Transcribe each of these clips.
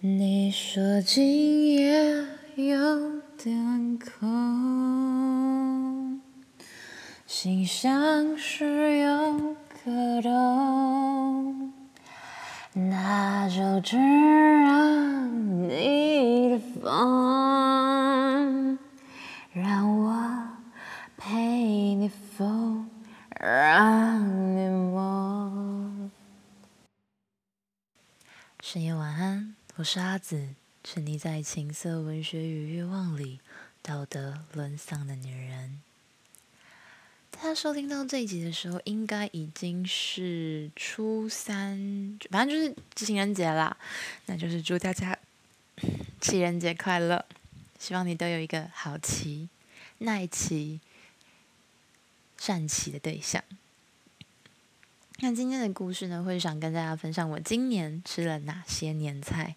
你說今夜有點空，心上是有個洞，那就只讓你的風，讓我陪你瘋，讓你夢。深夜晚。我是阿梓，沉溺在情色文學與慾望裡，道德淪喪的女人。大家收聽到這一集的時候，應該已經是初三，反正就是情人節啦，那就是祝大家情人節快樂，希望你都有一個好騎、耐騎、善騎的對象。那今天的故事呢，會想跟大家分享我今年吃了哪些年菜。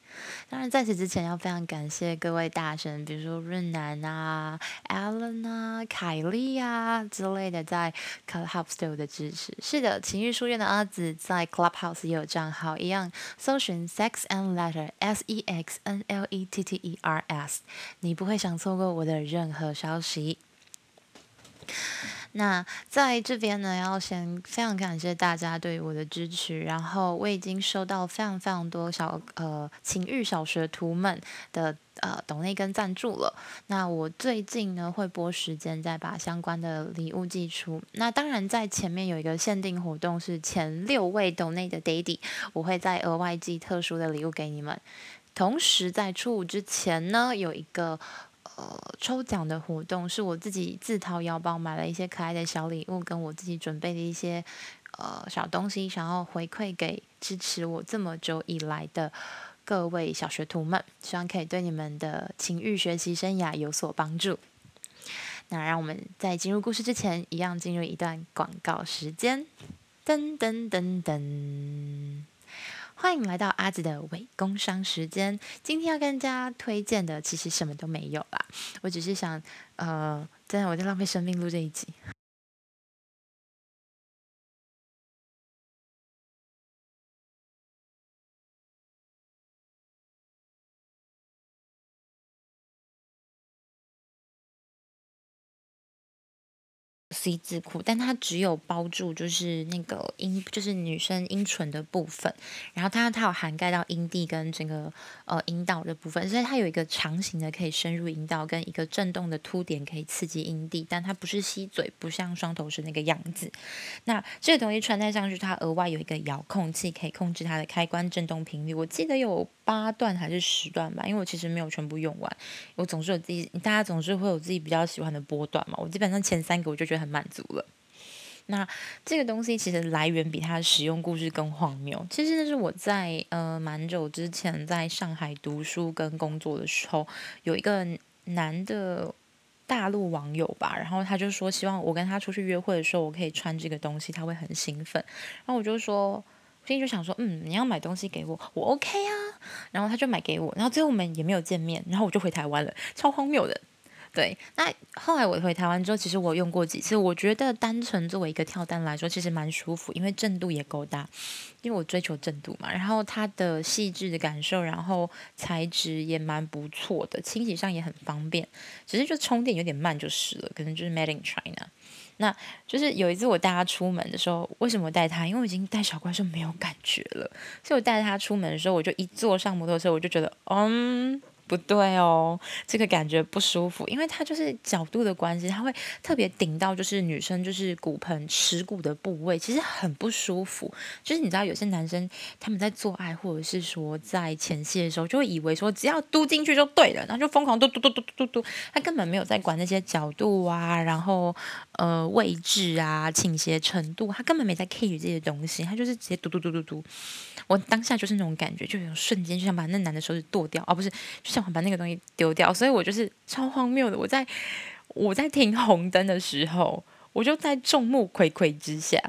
當然，在此之前要非常感謝各位大神，比如說潤南啊、Allen 啊、凱莉啊、凱莉啊之類的，在 Clubhouse 對我的支持。是的，情欲書院的阿紫在 Clubhouse 也有賬號，一樣搜尋 Sex and Letters（S E X N L E T T E R S），你不會想錯過我的任何消息。那在這邊呢，要先非常感謝大家對我的支持。然後我已經收到非常非常多少呃，情欲小學徒們的呃，抖內跟贊助了。那我最近呢，會撥時間再把相關的禮物寄出。那當然在前面有一個限定活動，是前六位抖內的 daddy，我會再額外寄特殊的禮物給你們。同時在初五之前呢，有一個。呃，抽獎的活動是我自己自掏腰包買了一些可愛的小禮物，跟我自己準備的一些呃小東西，想要回饋給支持我這麼久以來的各位小學徒們，希望可以對你們的情欲學習生涯有所幫助。那讓我們在進入故事之前，一樣進入一段廣告時間。噔噔噔噔，噔。歡迎來到阿梓的偽工商時間。今天要跟大家推薦的，其實什麼都沒有啦。我只是想，呃，真的，我在浪費生命錄這一集。C 字褲，但它只有包住，就是那個陰，就是女生陰唇的部分。然後它它有涵蓋到陰蒂跟整個呃陰道的部分，所以它有一個長形的可以深入陰道，跟一個震動的凸點可以刺激陰蒂。但它不是吸嘴，不像雙頭蛇那個樣子。那這個東西穿戴上去，它額外有一個遙控器，可以控制它的開關、震動頻率。我記得有。八段還是十段吧，因為我其實沒有全部用完。我總是有自己，大家總是會有自己比較喜歡的波段嘛。我基本上前三個我就覺得很滿足了。那這個東西其實來源比它的使用故事更荒謬。其實那是我在呃蠻久之前在上海讀書跟工作的時候，有一個男的大陸網友吧，然後他就說希望我跟他出去約會的時候我可以穿這個東西，他會很興奮。然後我就說，心就想說，嗯，你要買東西給我，我 OK 啊。然後他就買給我，然後最後我們也沒有見面，然後我就回台灣了，超荒謬的。對，那後來我回台灣之後，其實我用過幾次，我覺得單純作為一個跳蛋來說，其實蠻舒服，因為震度也夠大，因為我追求震度嘛。然後它的細緻的感受，然後材質也蠻不錯的，清洗上也很方便，只是就充電有點慢就是了，可能就是 Made in China。那就是有一次我帶他出門的時候，為什麼帶他？因為我已經帶小怪獸沒有感覺了，所以我帶他出門的時候，我就一坐上摩托車，我就覺得，嗯。不對哦，這個感覺不舒服，因為他就是角度的關係，他會特別頂到就是女生就是骨盆恥骨的部位，其實很不舒服。就是你知道有些男生他們在做愛或者是說在前戲的時候，就會以為說只要嘟進去就對了，然後就瘋狂嘟嘟嘟嘟嘟嘟，他根本沒有在管那些角度啊，然後呃，位置啊、傾斜程度，他根本沒在 care 這些東西，他就是直接嘟嘟嘟嘟嘟。我當下就是那種感覺，就有瞬間就想把那男的手指剁掉，而、哦、不是，就想把那個東西丟掉，所以我就是超荒謬的。我在我在停紅燈的時候，我就在眾目睽睽之下，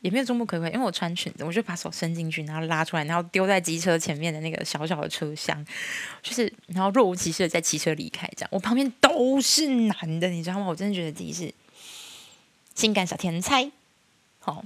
也沒有眾目睽睽，因為我穿裙子，我就把手伸進去，然後拉出來，然後丟在機車前面的那個小小的車廂，就是然後若無其事的在騎車離開。這樣，我旁邊都是男的，你知道嗎？我真的覺得自己是性感小天才。好、哦。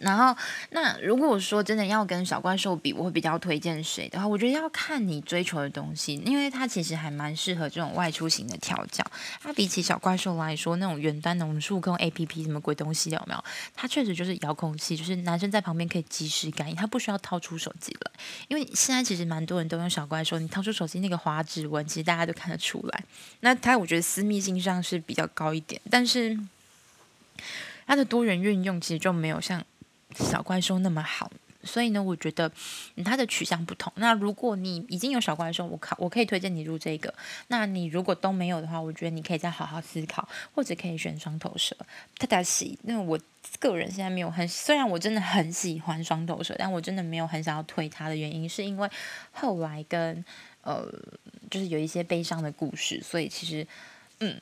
然後，那如果說真的要跟小怪獸比，我會比較推薦誰的話，我覺得要看你追求的東西，因為它其實還蠻適合這種外出型的調教。它比起小怪獸來說，那種遠端那種數控 APP 什麼鬼東西有沒有？它確實就是遙控器，就是男生在旁邊可以及時感應，他不需要掏出手機來。因為現在其實蠻多人都用小怪獸，你掏出手機那個滑指紋，其實大家都看得出來。那它我覺得私密性上是比較高一點，但是它的多元運用其實就沒有像。小怪獸那麼好，所以呢，我覺得它的取向不同。那如果你已經有小怪獸，我靠，我可以推薦你入這個。那你如果都沒有的話，我覺得你可以再好好思考，或者可以選雙頭蛇。泰喜，因為我個人現在沒有很，雖然我真的很喜歡雙頭蛇，但我真的沒有很想要推它的原因，是因為後來跟呃，就是有一些悲傷的故事，所以其實嗯。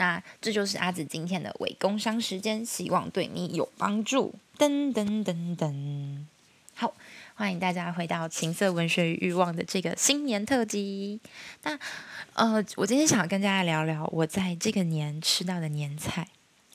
那這就是阿梓今天的偽工商時間，希望對你有幫助。噔噔噔噔，好，歡迎大家回到《情色文學與慾望》的這個新年特輯。那呃，我今天想跟大家聊聊我在這個年吃到的年菜。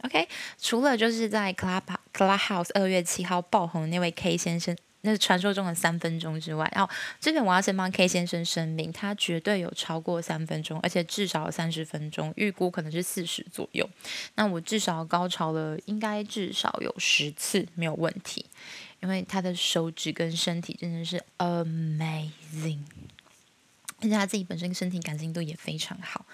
OK，除了就是在 Club Clubhouse 二月七號爆紅的那位 K 先生。那是傳說中的三分鐘之外，然後這邊我要先幫 K 先生聲明，他絕對有超過三分鐘，而且至少有三十分鐘，預估可能是四十左右。那我至少高潮了，應該至少有十次，沒有問題，因為他的手指跟身體真的是 amazing，而且他自己本身身體感性度也非常好。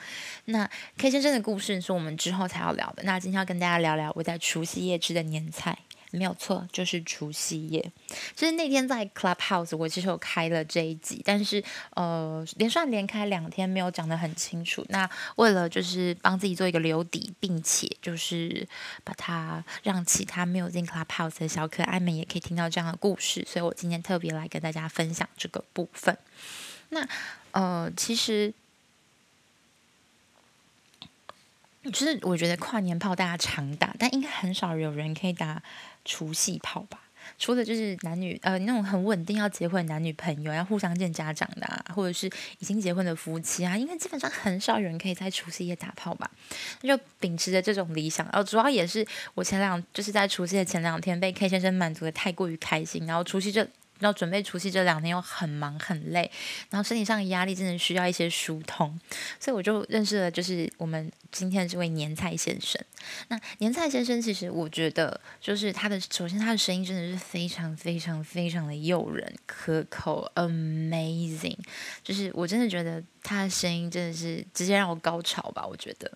那 K 先生的故事是我們之後才要聊的，那今天要跟大家聊聊我在除夕夜吃的年菜。沒有錯，就是除夕夜。就是那天在 Clubhouse，我其實有開了這一集，但是呃，連串連開兩天沒有講得很清楚。那為了就是幫自己做一個留底，並且就是把它讓其他沒有進 Clubhouse 的小可愛們也可以聽到這樣的故事，所以我今天特別來跟大家分享這個部分。那呃，其實其實、就是、我覺得跨年炮大家常打，但應該很少有人可以打。除夕炮吧，除了就是男女呃那種很穩定要結婚男女朋友要互相見家長的、啊，或者是已經結婚的夫妻啊，因為基本上很少有人可以在除夕夜打炮吧。那就秉持着這種理想，哦、呃、主要也是我前兩就是在除夕的前兩天被 K 先生滿足得太過於開心，然後除夕這。要準備除夕這兩天又很忙很累，然後身體上的壓力真的需要一些疏通，所以我就認識了就是我們今天的這位年菜先生。那年菜先生其實我覺得就是他的，首先他的聲音真的是非常非常非常的誘人、可口、amazing，就是我真的覺得他的聲音真的是直接讓我高潮吧，我覺得。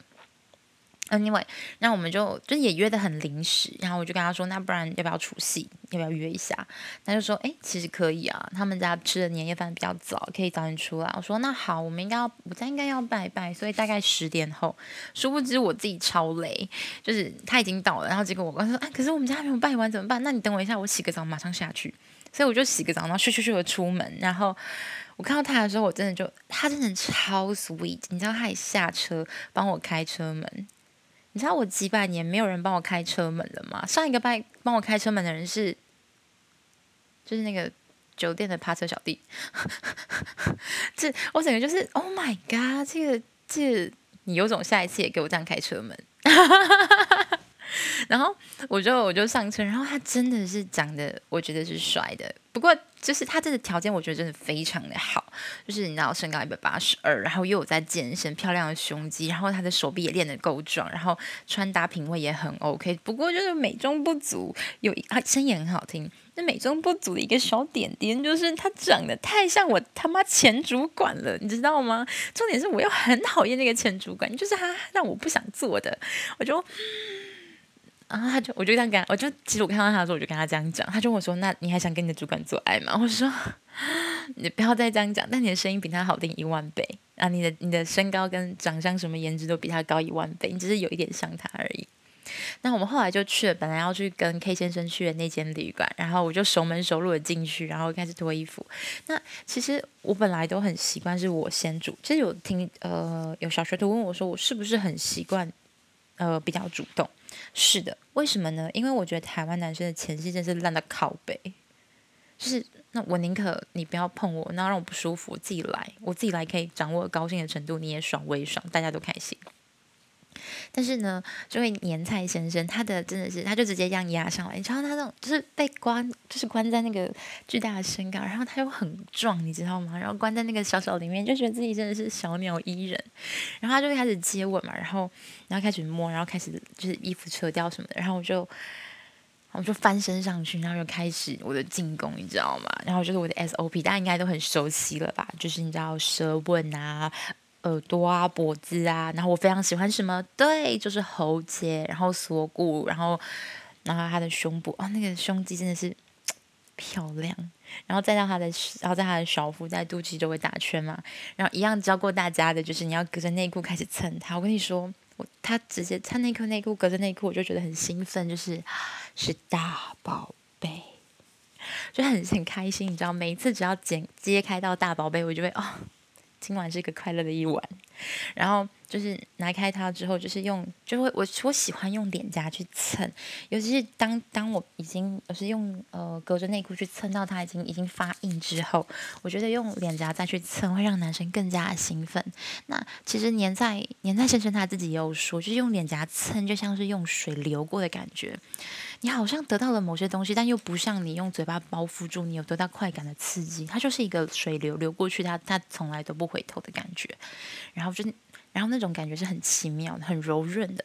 Anyway，那我們就就也約得很臨時，然後我就跟他說，那不然要不要除夕，要不要約一下？他就說，誒，其實可以啊，他們家吃的年夜飯比較早，可以早點出來。我說，那好，我們應該要我家應該要拜拜，所以大概十點後。殊不知我自己超累，就是他已經到了，然後結果我剛說，啊、哎，可是我們家還沒有拜完怎麼辦？那你等我一下，我洗個澡馬上下去。所以我就洗個澡，然後咻咻咻地出門，然後我看到他的時候，我真的就他真的超 sweet，你知道他也下車幫我開車門。你知道我幾百年沒有人幫我開車門了嗎？上一個幫幫我開車門的人是，就是那個酒店的趴車小弟， 這我整個就是 Oh my God！這個這個，你有種下一次也給我這樣開車門。 然後我就我就上車，然後他真的是長得我覺得是帥的，不過就是他這個條件我覺得真的非常的好，就是你知道身高一百八十二，然後又有在健身漂亮的胸肌，然後他的手臂也練得夠壯，然後穿搭品味也很 OK。不過就是美中不足，有一啊聲音也很好聽，那美中不足的一個小點點就是他長得太像我他媽前主管了，你知道嗎？重點是我又很討厭那個前主管，就是他讓我不想做的，我就。啊，他就，我就這樣跟他我就其實我看到他的時候我就跟他這樣講。他就跟我說：“那你還想跟你的主管做愛嗎？”我說：“你不要再這樣講，但你的聲音比他好聽一萬倍啊！你的你的身高跟長相什麼顏值都比他高一萬倍，你只是有一點像他而已。”那我們後來就去了，本來要去跟 K 先生去的那間旅館，然後我就熟門熟路的進去，然後開始脫衣服。那其實我本來都很習慣是我先主，其實有聽呃有小學徒問我說：“我是不是很習慣呃比較主動？”是的，為什麼呢？因為我覺得台灣男生的前戲真是爛的靠。靠背，就是那我寧可你不要碰我，那讓我不舒服，我自己來，我自己來可以掌握高興的程度，你也爽，我也爽，大家都開心。但是呢，這位年菜先生，生，他的真的是，他就直接這樣壓上來。你知道他那種就是被關，就是關在那個巨大的身缸，然後他又很壯，你知道嗎？然後關在那個小小裡面，就覺得自己真的是小鳥依人。然後他就會開始接吻嘛，然後然後開始摸，然後開始就是衣服扯掉什麼的。然後我就後我就翻身上去，然後就開始我的進攻，你知道嗎？然後就是我的 SOP，大家應該都很熟悉了吧？就是你知道舌吻啊。耳朵啊，脖子啊，然後我非常喜歡什麼？對，就是喉結，然後鎖骨，然後，然後他的胸部，哦，那個胸肌真的是漂亮。然後再到他的，然後在他的小腹，在肚臍周圍打圈嘛。然後一樣教過大家的就是，你要隔着內褲開始蹭他。我跟你說，我他直接穿內褲，內褲隔着內褲，我就覺得很興奮，就是是大寶貝，就很很開心，你知道，每一次只要揭揭開到大寶貝，我就會哦。今晚是個快樂的一晚，然後就是拿開它之後，就是用就會我我喜歡用臉頰去蹭，尤其是當當我已經我是用呃隔着內褲去蹭到它已經已經發硬之後，我覺得用臉頰再去蹭會讓男生更加興奮。那其實黏在黏在先生他自己也有說，就是用臉頰蹭就像是用水流過的感覺。你好像得到了某些東西，但又不像你用嘴巴包覆住，你有多大快感的刺激，它就是一個水流流過去它，它它從來都不回頭的感覺，然後就，然後那種感覺是很奇妙的，很柔潤的。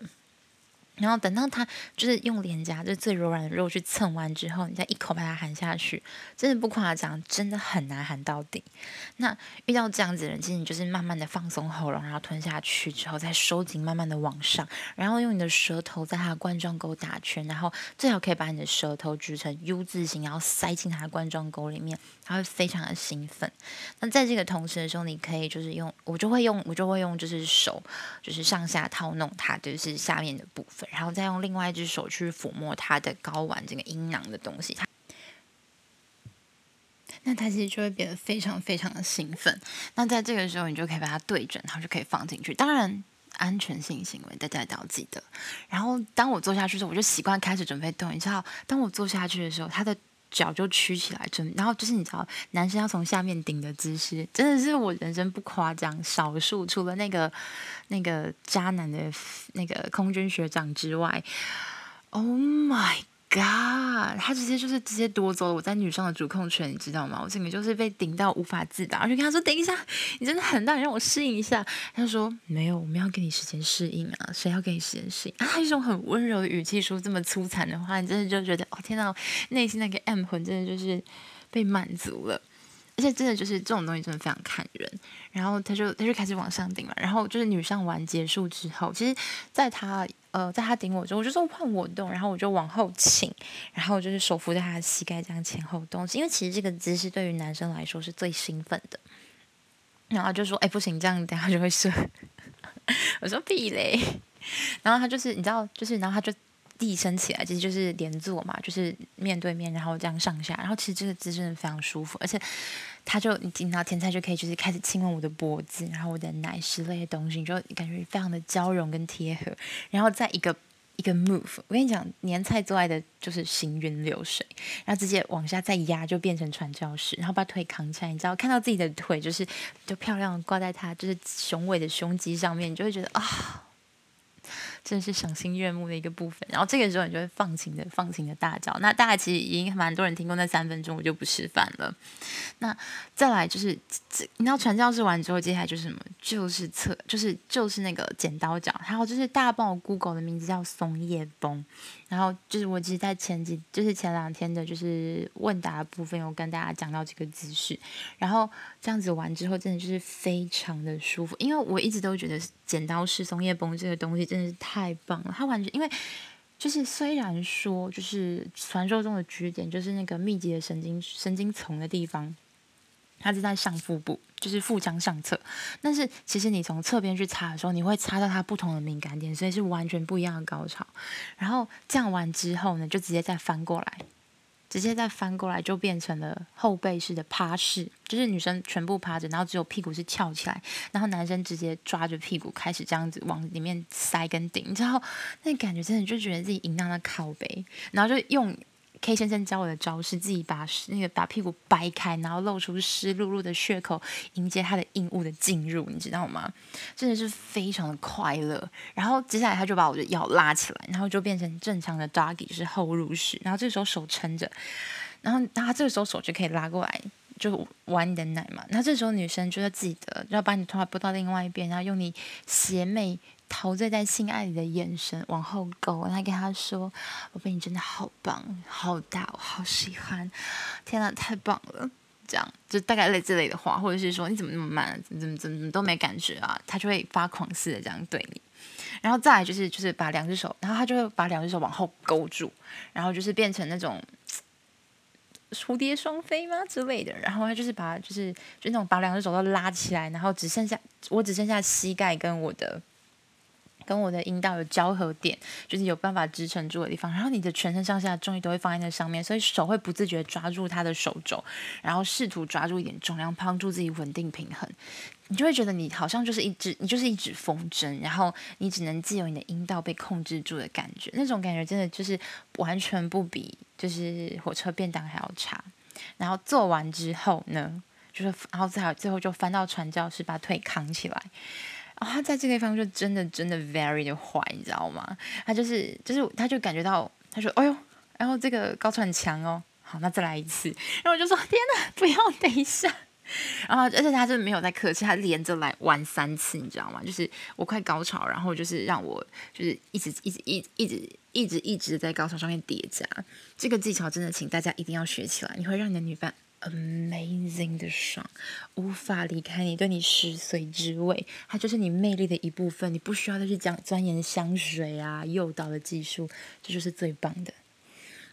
然後等到他就是用臉頰，就是最柔軟的肉去蹭完之後，你再一口把它含下去，真的不誇張，真的很難含到底。那遇到這樣子的人，其實你就是慢慢的放鬆喉嚨，然後吞下去之後再收緊，慢慢的往上，然後用你的舌頭在它的冠狀溝打圈，然後最好可以把你的舌頭舉成 U 字形，然後塞進它的冠狀溝裡面，他會非常的興奮。那在這個同時的時候，你可以就是用，我就會用，我就會用，就是手，就是上下套弄它，就是下面的部分。然後再用另外一隻手去撫摸他的睾丸，這個陰囊的東西，那他其實就會變得非常非常的興奮。那在這個時候，你就可以把它對準，然後就可以放進去。當然，安全性行為大家都要記得。然後當我坐下去的時候，我就習慣開始準備動。你知道，當我坐下去的時候，他的。腳就屈起來，真。然後就是你知道，男生要從下面頂的姿勢，真的是我人生不誇張，少數除了那個那個渣男的那個空軍學長之外，Oh my God。嘎，他直接就是直接奪走了我在女上的主控權，你知道嗎？我整個就是被頂到無法自拔，而且跟他說等一下，你真的很大，你讓我適應一下。他說沒有，我們要給你時間適應啊，誰要給你時間適應啊？一種很溫柔的語氣說這麼粗殘的話，你真的就覺得哦天吶，內心那個 M 魂真的就是被滿足了。而且真的就是這種東西真的非常看人，然後他就他就開始往上頂了，然後就是女上完結束之後，其實在他呃在他頂我之後，我就說換我動，然後我就往後傾，然後就是手扶在他的膝蓋這樣前後動，因為其實這個姿勢對於男生來說是最興奮的，然後就說誒、欸、不行，這樣等下就會射， 我說避雷，然後他就是你知道就是然後他就。立身起來，其實就是連坐嘛，就是面對面，然後這樣上下，然後其實這個姿勢非常舒服，而且他就你聽到年菜就可以就是開始親吻我的脖子，然後我的奶昔那些東西，你就感覺非常的交融跟貼合，然後在一個一個 move，我跟你講，年菜做愛的就是行雲流水，然後直接往下再壓就變成傳教士，然後把腿扛起來，你知道看到自己的腿就是就漂亮掛在他就是雄偉的胸肌上面，你就會覺得啊。哦真是賞心悅目的一個部分，然後這個時候你就會放晴的放晴的大叫。那大概其實已經蠻多人聽過那三分鐘，我就不示範了。那再來就是你知道傳教士完之後，接下來就是什麼？就是側，就是就是那個剪刀腳，還有就是大家幫我 Google 的名字叫松葉峰。然後就是我，其實，在前幾，就是前兩天的，就是問答的部分，我跟大家講到這個姿勢，然後這樣子玩之後，真的就是非常的舒服，因為我一直都覺得剪刀式松葉崩這個東西真的是太棒了。它完全因為就是雖然說就是傳說中的絕點，就是那個密集的神經神經叢的地方，它是在上腹部。就是腹腔上側，但是其實你從側邊去擦的時候，你會擦到它不同的敏感點，所以是完全不一樣的高潮。然後這樣完之後呢，就直接再翻過來，直接再翻過來就變成了後背式的趴式，就是女生全部趴着，然後只有屁股是翹起來，然後男生直接抓着屁股開始這樣子往裡面塞跟頂，你知道那感覺真的就覺得自己贏到了靠北，然後就用。K 先生教我的招式，自己把那個把屁股掰開，然後露出濕漉漉的血口，迎接他的硬物的進入，你知道嗎？真的是非常的快樂。然後接下來他就把我的腰拉起來，然後就變成正常的 doggy 是後入式，然後這個時候手撐着然，然後他這個時候手就可以拉過來，就玩你的奶嘛。那這時候女生就要記得要把你頭髮撥到另外一邊，然後用你邪魅。陶醉在性愛裡的眼神，往後勾，他跟他說：“寶貝，你真的好棒，好大，我好喜歡，天哪，太棒了！”這樣就大概類這類的話，或者是說：“你怎麼那麼慢？怎麼怎麼怎麼都沒感覺啊？”他就會發狂似的這樣對你，然後再來就是就是把兩隻手，然後他就會把兩隻手往後勾住，然後就是變成那種蝴蝶雙飛嗎之類的，然後他就是把就是就那種把兩隻手都拉起來，然後只剩下我只剩下膝蓋跟我的。跟我的陰道有交合點，就是有辦法支撐住的地方，然後你的全身上下的重力都會放在那上面，所以手會不自覺地抓住他的手肘，然後試圖抓住一點重量，幫助自己穩定平衡。你就會覺得你好像就是一隻，你就是一隻風箏，然後你只能藉由你的陰道被控制住的感覺，那種感覺真的就是完全不比就是火車便當還要差。然後做完之後呢，就是然後最後最後就翻到傳教士，把腿扛起來。哦、他在這個地方就真的真的 very 的壞，你知道嗎？他就是就是他就感覺到他說，哎呦，然、哎、後這個高潮很強哦，好，那再來一次。然後我就說，天哪，不要，等一下。然後而且他就是沒有在客氣，他連着來玩三次，你知道嗎？就是我快高潮，然後就是讓我就是一直一直一一直一直一直，一直在高潮上面疊加、啊。這個技巧真的，請大家一定要學起來，你會讓你的女伴。Amazing 的爽，無法離開你，對你食髓知味，它就是你魅力的一部分，你不需要再去講鑽研香水啊，誘導的技術，這就是最棒的。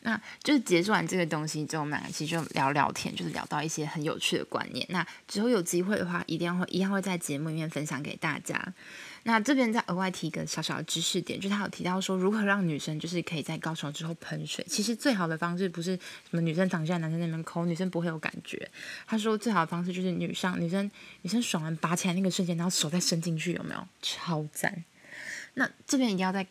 那就是結束完這個東西之後，我們其實就聊聊天，就是聊到一些很有趣的觀念。那之後有機會的話，一定要會，一樣會在節目裡面分享給大家。那這邊再額外提一個小小的知識點，就是他有提到說如何讓女生就是可以在高潮之後噴水。其實最好的方式不是什麼女生躺在男生那邊摳，女生不會有感覺。他說最好的方式就是女生女生女生爽完拔起來那個瞬間，然後手再伸進去，有沒有？超讚。那這邊一定要在。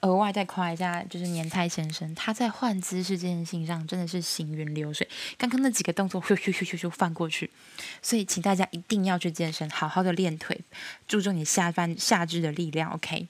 額外再誇一下，就是年菜先生，他在換姿勢這件事情上真的是行雲流水。剛剛那幾個動作，咻咻咻咻就翻過去，所以請大家一定要去健身，好好的練腿，注重你下半下肢的力量。OK，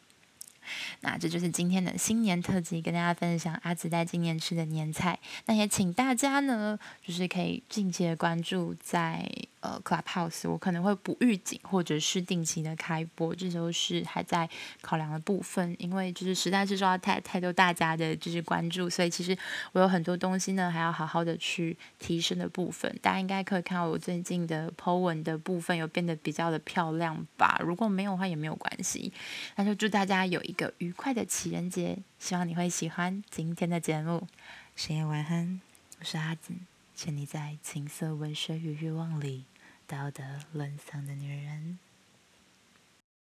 那這就是今天的新年特輯，跟大家分享阿梓在今年吃的年菜。那也請大家呢，就是可以近期的關注在。呃，Clubhouse 我可能會不預警，或者是定期的開播，這時候是還在考量的部分，因為就是實在是抓太太多大家的就是關注，所以其實我有很多東西呢還要好好的去提升的部分。大家應該可以看到我最近的 po 文的部分有變得比較的漂亮吧？如果沒有的話也沒有關係。那就祝大家有一個愉快的情人節，希望你會喜歡今天的節目。深夜晚安，我是阿梓，沉溺在情色文學與慾望裡，道德淪喪的女人。